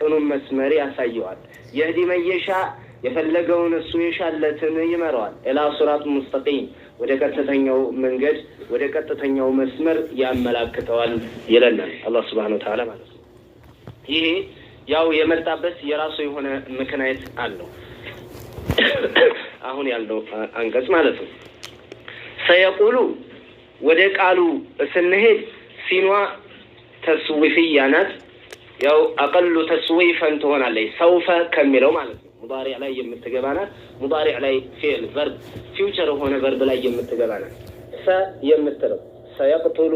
ቅኑን መስመር ያሳየዋል። የህዲ መየሻ የፈለገውን እሱ የሻለትን ይመራዋል። ኤላ ሱራት ሙስተቂም ወደ ቀጥተኛው መንገድ ወደ ቀጥተኛው መስመር ያመላክተዋል ይለናል አላህ ሱብሓነሁ ወተዓላ ማለት ነው። ይሄ ያው የመጣበት የራሱ የሆነ ምክንያት አለው። አሁን ያለው አንቀጽ ማለት ነው። ሰየቁሉ ወደ ቃሉ ስንሄድ ሲኗ ተስዊፍያ ናት። ያው አቀሉ ተስዊፈን ትሆናለች። ሰውፈ ከሚለው ማለት ነው። ሙዳሪዕ ላይ የምትገባ ናት። ሙዳሪዕ ላይ ፊዕል ቨርብ ፊውቸር የሆነ ቨርብ ላይ የምትገባ ናት። ሰ የምትለው ሰየቅቱሉ፣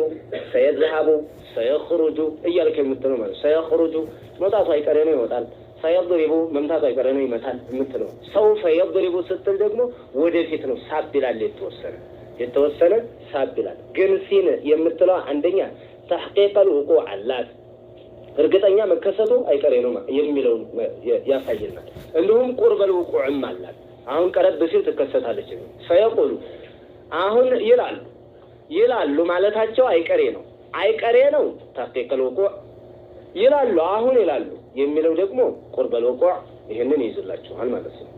ሰየዝሃቡ፣ ሰየኽሩጁ እያልክ የምትለው ማለት ሰየኽሩጁ መውጣቱ አይቀሬ ነው ይወጣል። ሰየድሪቡ መምታቱ አይቀሬ ነው ይመታል የምትለው። ሰውፈ የድሪቡ ስትል ደግሞ ወደፊት ነው ሳብ ይላል። የተወሰነ የተወሰነ ሳብ ይላል። ግን ሲን የምትለዋ አንደኛ ተሕቂቀል ውቁዕ አላት እርግጠኛ መከሰቱ አይቀሬ ነው የሚለው ያሳየናል። እንዲሁም ቁርበል ውቁዕም አላል። አሁን ቀረብ ሲል ትከሰታለች። ፈየቁሉ አሁን ይላሉ ይላሉ ማለታቸው አይቀሬ ነው አይቀሬ ነው ታሕቂቀል ውቁዕ ይላሉ አሁን ይላሉ የሚለው ደግሞ ቁርበል ውቁዕ ይህንን ይዝላችኋል ማለት ነው።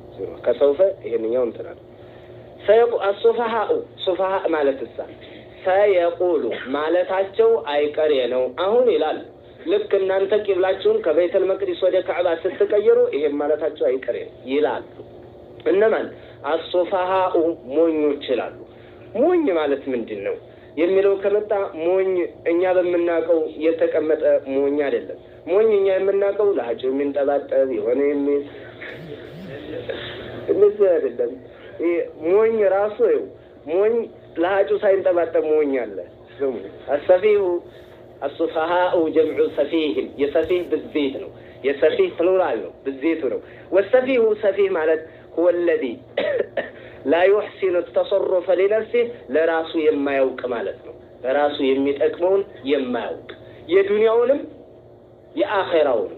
ከሰውፈ ይህንኛው እንትናል አሱፋሃኡ ሱፋሃ ማለት እሳ ሰየቁሉ ማለታቸው አይቀሬ ነው አሁን ይላሉ ልክ እናንተ ቂብላችሁን ከቤተል መቅዲስ ወደ ካዕባ ስትቀይሩ ይሄም ማለታቸው አይቀሬ ይላሉ። እነማን አሶፋሃኡ ሞኞች ይላሉ። ሞኝ ማለት ምንድን ነው የሚለው ከመጣ ሞኝ እኛ በምናውቀው የተቀመጠ ሞኝ አይደለም። ሞኝ እኛ የምናውቀው ለሀጭው የሚንጠባጠብ የሆነ የሚል እንደዚህ አይደለም። ሞኝ ራሱ ሞኝ ለሀጩ ሳይንጠባጠብ ሞኝ አለ። አሰፊሁ الصفهاء جمع سفيهم يسفيه بالزيت له يسفيه فلورالو بالزيت له والسفيه هو سفيه معناته هو الذي لا يحسن التصرف لنفسه لراسه يما يوك مالت له راسه يمي تكمون يما يوك يا دنيا ولم يا اخرون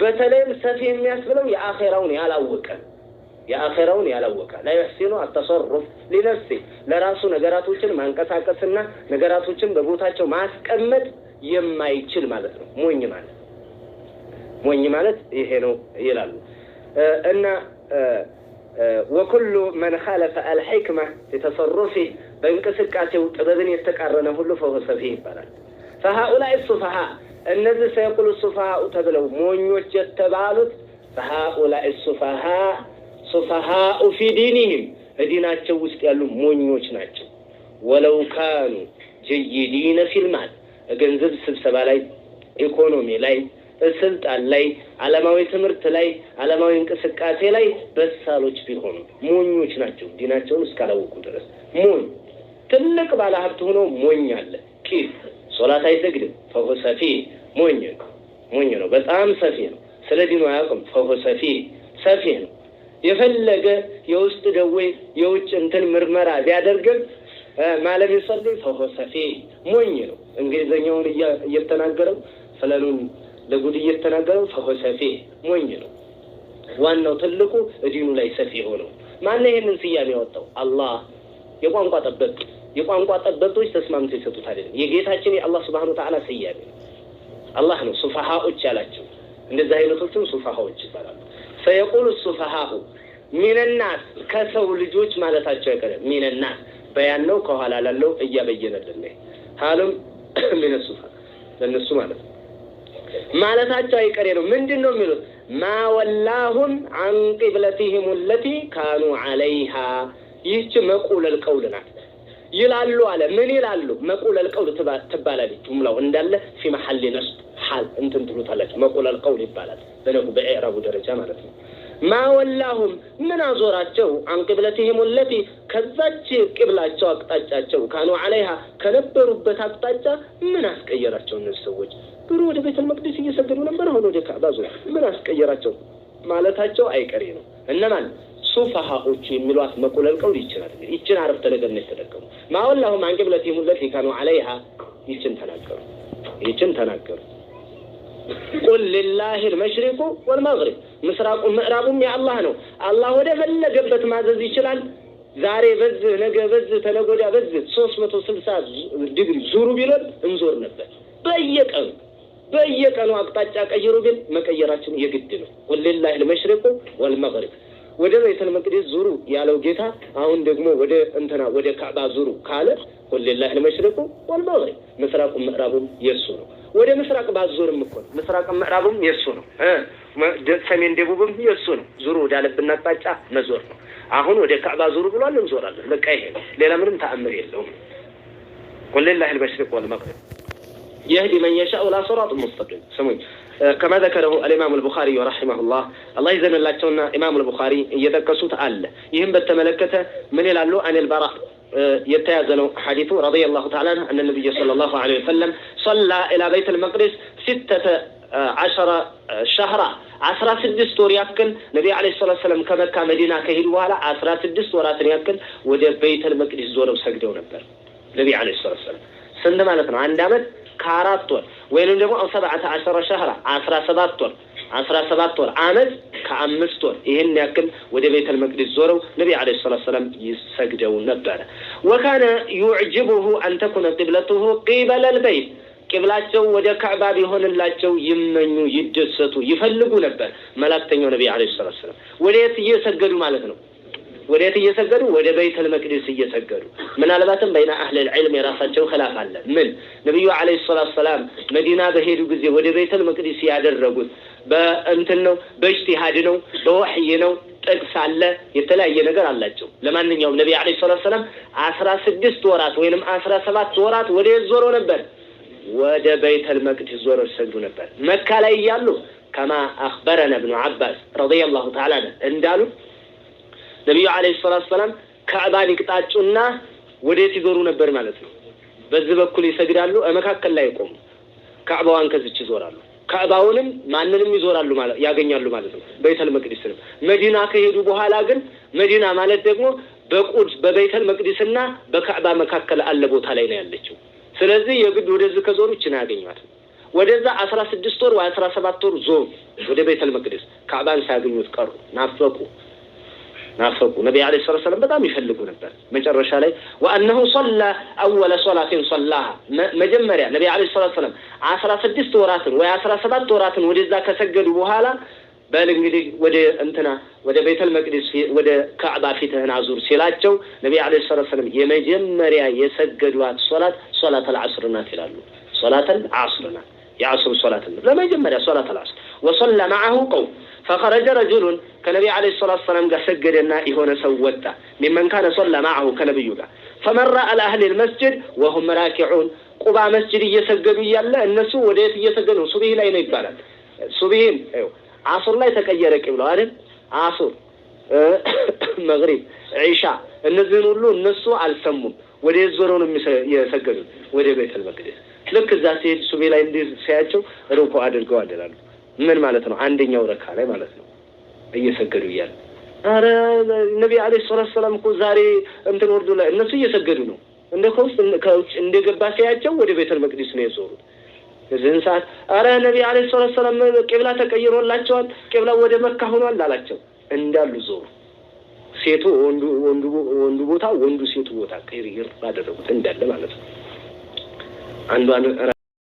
بتلين سفيه يا اخرون يا لاوكا يا اخرون يا أخيرون لا يحسن التصرف لنفسه لراسه نجراته ما انكسر كسرنا نجراته ببوتاته ما اسكمت የማይችል ማለት ነው። ሞኝ ማለት ሞኝ ማለት ይሄ ነው ይላሉ እና ወኩሉ መን ኻለፈ አልሕክማ የተሰሩፊ በእንቅስቃሴው ጥበብን የተቃረነ ሁሉ ፈሆ ሰፊህ ይባላል። ፈሃኡላይ ሱፋሃ እነዚህ ሰየቁሉ ሱፋሃኡ ተብለው ሞኞች የተባሉት ፈሃኡላይ ሱፋሃ ሱፋሃኡ ፊ ዲኒህም እዲናቸው ውስጥ ያሉ ሞኞች ናቸው። ወለው ካኑ ጀይዲነ ፊልማል ገንዘብ ስብሰባ ላይ፣ ኢኮኖሚ ላይ፣ ስልጣን ላይ፣ አለማዊ ትምህርት ላይ፣ አለማዊ እንቅስቃሴ ላይ በሳሎች ቢሆኑ ሞኞች ናቸው። ዲናቸውን እስካላወቁ ድረስ ሞኝ ትልቅ ባለሀብት ሆኖ ሞኝ አለ። ቂል ሶላት አይሰግድም። ፈሆ ሰፊ ሞኝ ነው። ሞኝ ነው። በጣም ሰፊ ነው። ስለ ዲኑ አያውቅም። ፈሆ ሰፊ ሰፊ ነው። የፈለገ የውስጥ ደዌ የውጭ እንትን ምርመራ ቢያደርግም ማለም ይሰሉ ፈሆ ሰፊ ሞኝ ነው። እንግሊዘኛውን እየተናገረው ፈለሉን ለጉድ እየተናገረው ፈሆ ሰፊ ሞኝ ነው። ዋናው ትልቁ እዲኑ ላይ ሰፊ ሆነው ማነው ይሄንን ስያሜ ያወጣው? አላህ። የቋንቋ ጠበቅ የቋንቋ ጠበቶች ተስማምተው ይሰጡት አይደለም። የጌታችን የአላህ ስብሐነ ወተዓላ ስያሜ አላህ ነው። ሱፋሃዎች ያላቸው እንደዚህ አይነቶችም ሱፋሃዎች ይባላሉ። ፈየቁሉ ሱፋሃሁ ሚነናስ ከሰው ልጆች ማለታቸው አይቀርም። ሚነናስ በያን ነው ከኋላ ላለው እያበየነልን ሀልም ሚነሱ ለእነሱ ማለት ነው ማለታቸው አይቀሬ ነው። ምንድን ነው የሚሉት? ማ ወላሁም አን ቂብለቲህም ለቲ ካኑ አለይሃ ይህች መቁለል ቀውል ናት ይላሉ አለ። ምን ይላሉ? መቁለል ቀውል ትባላለች። ጁምላው እንዳለ ፊ መሐል ነስብ ሀል እንትን ትሉታላችሁ። መቁለል ቀውል ይባላል በነጉ በኤዕራቡ ደረጃ ማለት ነው። ማወላሁም ምን አዞራቸው አንቅብለትህም ለቲ ከዛች ቅብላቸው አቅጣጫቸው ካኑ አለይሃ ከነበሩበት አቅጣጫ ምን አስቀየራቸው? እነዚህ ሰዎች ብሩ ወደ ቤተል መቅደስ እየሰገዱ ነበር። አሁን ወደ ካዕባ ምን አስቀየራቸው ማለታቸው አይቀሬ ነው። እነማን ሱፋሃዎቹ የሚሏት መቁለል ቀውል ይችላል። እንግዲህ ይችን አረፍተ ነገር ነው የተጠቀሙ። ማወላሁም አንቅብለትህም ለቲ ካኑ አለይሃ ይችን ተናገሩ፣ ይችን ተናገሩ። ቁል ሊላሂ ልመሽሪቁ ወልመግሪብ ምስራቁም ምዕራቡም የአላህ ነው። አላህ ወደ ፈለገበት ማዘዝ ይችላል። ዛሬ በዝህ ነገ በዝህ ተነጎዳ በዝህ ሶስት መቶ ስልሳ ዲግሪ ዙሩ ቢሎን እንዞር ነበር። በየቀኑ በየቀኑ አቅጣጫ ቀይሩ ግን መቀየራችን የግድ ነው። ወሊላሂ ልመሽሪቁ ወልመቅሪብ ወደ ቤተል መቅደስ ዙሩ ያለው ጌታ አሁን ደግሞ ወደ እንትና ወደ ካዕባ ዙሩ ካለ ወሊላሂ ልመሽሪቁ ወልመቅሪብ ምስራቁም ምዕራቡም የእሱ ነው። ወደ ምስራቅ ባዞርም እኮ ነው። ምስራቅ ምዕራብም የእሱ ነው። ሰሜን ደቡብም የእሱ ነው። ዙሩ ወዳለብን አቅጣጫ መዞር ነው። አሁን ወደ ካዕባ ዙሩ ብሏል፣ እንዞራለን። በቃ ይሄ ነው። ሌላ ምንም ተአምር የለውም። ወሊላሂ ልመሽሪቅ ወልመቅሪብ የህዲ መን የሻኡ ላ ሲራጥ ሙስተቂም ስሙኝ ከማ ዘከረሁ አልኢማሙ አልቡኻሪ ረሒመሁላህ አላህ ይዘንላቸውና ኢማሙ አልቡኻሪ እየጠቀሱት አለ። ይህም በተመለከተ ምን ይላሉ? አኔል በራ يتازن حديث رضي الله تعالى عنه أن النبي صلى الله عليه وسلم صلى إلى بيت المقدس ستة آه، عشر آه، شهرا عشرة سدست ور يمكن النبي عليه الصلاة والسلام كما كان مدينة كهيل وهلا عشرة سدست ورات يمكن وده بيت المقدس زور وسجدوا نبر النبي عليه الصلاة والسلام سند ما لكن عندما كارات ور وين عشرة شهرا عشرة سبات አስራ ሰባት ወር አመት ከአምስት ወር ይህን ያክል ወደ ቤተል መቅዲስ ዞረው ነቢ ዓለይሂ ሰላቱ ሰላም ይሰግደው ነበረ። ወካነ ዩዕጅቡሁ አን ተኩነ ቂብለቱሁ ቂበለል በይት ቂብላቸው ወደ ካዕባ ቢሆንላቸው ይመኙ፣ ይደሰቱ፣ ይፈልጉ ነበር መላክተኛው ነቢ ዓለይሂ ሰላቱ ወሰላም። ወዴት እየሰገዱ ማለት ነው ወዴት እየሰገዱ ወደ በይተል መቅዲስ እየሰገዱ ምናልባትም በይና አህለል ዒልም የራሳቸው ኸላፍ አለ። ምን ነቢዩ ዓለይሂ ሰላቱ ሰላም መዲና በሄዱ ጊዜ ወደ ቤተል መቅዲስ ያደረጉት በእንትን ነው፣ በእጅቲሃድ ነው፣ በወሕይ ነው። ጥቅስ አለ፣ የተለያየ ነገር አላቸው። ለማንኛውም ነቢ ዓለይሂ ሰላቱ ሰላም አስራ ስድስት ወራት ወይንም አስራ ሰባት ወራት ወደ ዞሮ ነበር ወደ በይተል መቅዲስ ዞሮ ሰግዱ ነበር። መካ ላይ እያሉ ከማ አኽበረነ እብኑ ዓባስ ረዲየላሁ ተዓላ እንዳሉት ነቢዩ አለይሂ ሰላቱ ሰላም ከዕባን ይቅጣጩና ወዴት ይዞሩ ነበር ማለት ነው። በዚህ በኩል ይሰግዳሉ፣ መካከል ላይ ይቆሙ፣ ከዕባዋን ከዚች ይዞራሉ። ከዕባውንም ማንንም ይዞራሉ ማለት ያገኛሉ ማለት ነው። በይተል መቅዲስንም መዲና ከሄዱ በኋላ ግን መዲና ማለት ደግሞ በቁድስ በበይተል መቅዲስና በካዕባ መካከል አለ ቦታ ላይ ነው ያለችው። ስለዚህ የግድ ወደዚህ ከዞሩ ይችን ያገኟት ወደዛ አስራ ስድስት ወር ወይ አስራ ሰባት ወር ዞሩ ወደ ቤተል መቅደስ ካዕባን ሳያገኙት ቀሩ፣ ናፈቁ። ናፈቁ። ነቢ ዓለይሂ ሰላቱ ሰለም በጣም ይፈልጉ ነበር። መጨረሻ ላይ ወአነሁ ሶላ አወለ ሶላትን ሶላሃ መጀመሪያ ነቢ ዓለይሂ ሰላቱ ሰለም አስራ ስድስት ወራትን ወይ አስራ ሰባት ወራትን ወደዛ ከሰገዱ በኋላ በል እንግዲህ ወደ እንትና ወደ ቤተል መቅደስ ወደ ካዕባ ፊትህን አዙር ሲላቸው ነቢ ዓለይሂ ሰላቱ ሰለም የመጀመሪያ የሰገዷት ሶላት ሶላት አልዓስር ይላሉ። ሶላት አልዓስር يعصر صلاة لا ما يجمد صلاة العصر وصلى معه قوم فخرج رجل كنبي عليه الصلاة والسلام قال سجدنا إهون سوتا ممن كان صلى معه كنبي يقع فمر على أهل المسجد وهم راكعون قبع مسجد يسجد يلا الناس وديت يسجد صبيه لا ينبالات صبيهن أيوه عصر لا يتكير كبلا عارف عصر መግሪብ ዒሻ እነዚህን ሁሉ እነሱ على السمم ዞረው ነው يسجدون ወደ ቤተል ልክ እዛ ሲሄድ ሱቤ ላይ እንዲህ ሲያቸው ሩኩዕ አድርገው አደላሉ። ምን ማለት ነው? አንደኛው ረካ ላይ ማለት ነው እየሰገዱ እያለ አረ ነቢ አለ ሰላት ሰላም እኮ ዛሬ እንትን ወርዶ ላይ እነሱ እየሰገዱ ነው። እንደ ከውስጥ ከውጭ እንደገባ ሲያቸው ወደ ቤተል መቅዲስ ነው የዞሩት። እዚህን ሰዓት አረ ነቢ አለ ሰላት ሰላም ቄብላ ተቀይሮላቸዋል፣ ቅብላ ወደ መካ ሆኗል አላቸው። እንዳሉ ዞሩ። ሴቱ ወንዱ ቦታ፣ ወንዱ ሴቱ ቦታ ቅይር አደረጉት እንዳለ ማለት ነው። አንዷን